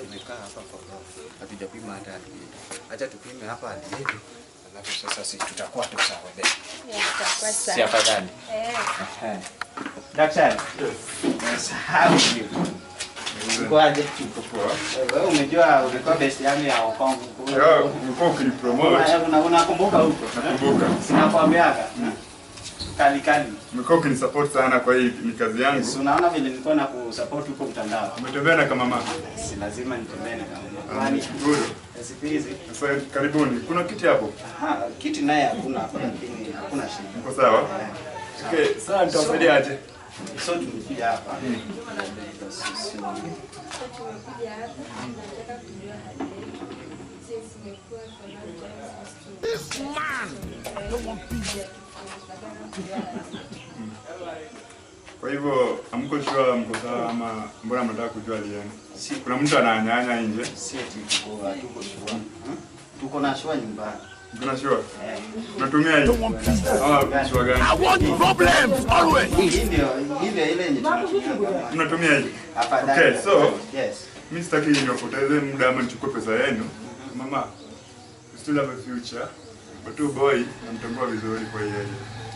tumekaa hapa hatujapima hata aliyetu. Acha tupime hapa aliyetu, alafu sasa si tutakuwa tu sawa Si afadhali. Eh. Daktari. umejua ulikuwa best yangu ya Hong Kong. Unakumbuka huko? Nakumbuka. Sinakwambiaga. Hmm kali kali. Umekuwa ukinisupport sana kwa hii ni kazi yangu. Yes, unaona vile nilikuwa na kusupport huko mtandao. Umetembea na kama mama. Si lazima nitembee na kama mama. Ah, Shukuru. Sikilizi. Sasa karibuni. Kuna kiti hapo? Aha, kiti naye hakuna hapa lakini hakuna shida. Uko sawa? Okay, sawa nitawasaidia aje? So tumekuja hapa. Hmm. This man, I don't want kwa hivyo amko sure mko sawa ama mbona mnataka kujua lieni? Si kuna mtu ananyanya nje? Si tuko tuko sure. Tuko na sure nyumbani. sure? Eh. Ah, sure gani? I want problems always. Hii ndio ile ile yenye tunatumia. Okay, so yes. Mimi sitaki niwapoteze muda ama nichukue pesa yenu. Mama, we still have a future. But tu boy, namtambua vizuri kwa yeye.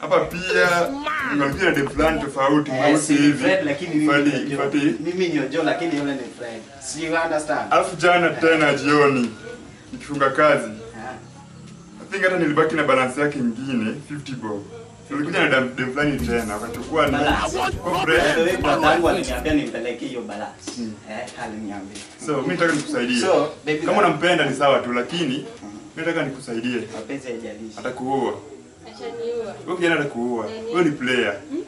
hapa pia pia ni plan tofauti mweusi eh, hivi fadi fadi mimi ni Ojo lakini yule ni friend si you understand alafu jana tena jioni nikifunga kazi I think hata nilibaki na balance yake nyingine 50 bob Tulikuja na dam fulani tena akachukua ni Fred babangu aliniambia nimpeleke hiyo balance hmm. eh aliniambia so mimi nataka nikusaidie so, kama unampenda ni sawa tu lakini hmm. mimi nataka nikusaidie mapenzi hayajalishi atakuoa Achaniua. Wewe kijana anakuua. Wewe ni player. Hmm?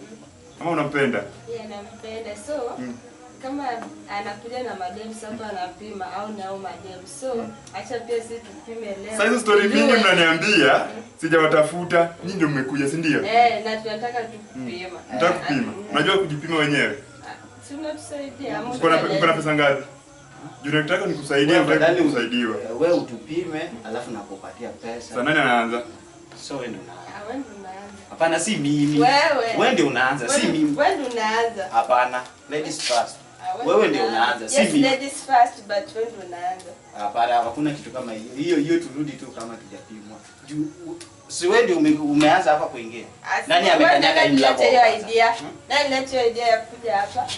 Kama unampenda? Yeah, nampenda. So, hmm. kama anakuja na madem sasa anapima au nao madem. So, hmm. acha pia sisi tupime leo. Sasa hizo story mingi mnaniambia, hmm. sijawatafuta, nyinyi ndio mmekuja, si ndio? Eh, na tunataka tupima. Hmm. Nataka kupima. Eh. Unajua kujipima wenyewe? Ah, Tunakusaidia. Uko na pesa ngapi? Juu nataka nikusaidie, nataka kusaidiwa. Wewe utupime, alafu nakupatia pesa. Sasa nani anaanza? So wewe ndio Hapana, si mimi. Wewe. Wewe ndio unaanza, si mimi. Wewe ndio unaanza. Hapana, ladies first. Ah, wewe ndio unaanza, si mimi. Yes, ladies first but wewe ndio unaanza. Hapana, hakuna kitu kama hiyo. Hiyo hiyo turudi tu kama tujapimwa. Si wewe ndio umeanza hapa kuingia. Ah, Nani amekanyaga hii mlango? Hiyo idea. Hmm? Nani lete hiyo idea ya kuja hapa?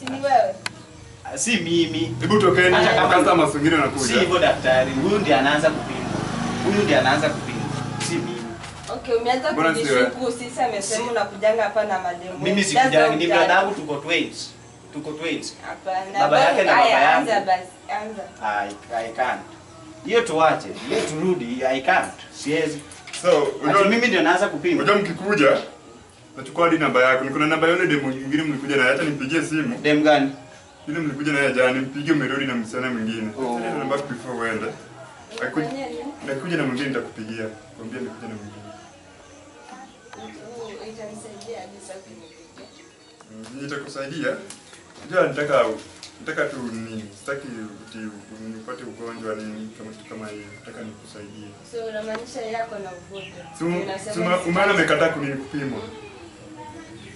Si ni wewe. Ah, si mimi. Hebu tokeni, hata kama customers wengine wanakuja. Si hivyo daktari. Huyu ndiye anaanza kupimwa. Huyu ndiye anaanza kupimwa. Okay, umeanza kujishuku sisi amesema unakujanga hapa na mademo. Mimi sikujanga, ni dadangu tuko twins. Tuko twins. Hapana. Baba yake na baba yangu. Anza basi, anza. I, I can't. Hiyo tuache, hiyo turudi, I can't. Siwezi. So, unajua mimi ndio naanza kupima. Unajua mkikuja nachukua hadi namba yako. Niko na namba yone demo nyingine mlikuja naye, hata nimpigie simu. Dem gani? Yule mlikuja naye jana, nimpigie umerudi na msana mwingine. Oh. Namba before uende. Nakuja na mwingine nitakupigia. Kwambia nikuja na mwingine. Mm, nitakusaidia. Ndio nitaka nitaka tu nini? Sitaki upate ugonjwa nini kama kitu kama hiyo. Nataka nikusaidie. So unamaanisha yako na ugonjwa. So um, sema umana umekataa kunipima.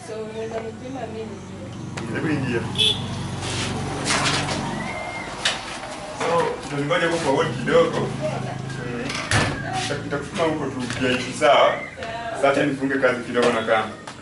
So unaweza nipima mimi. Hebu ingia. So ndio tunaningoja huko kwa wodi kidogo. Mm, Nitakutuma huko tu pia hivi sawa. Sasa nifunge kazi kidogo na kamba.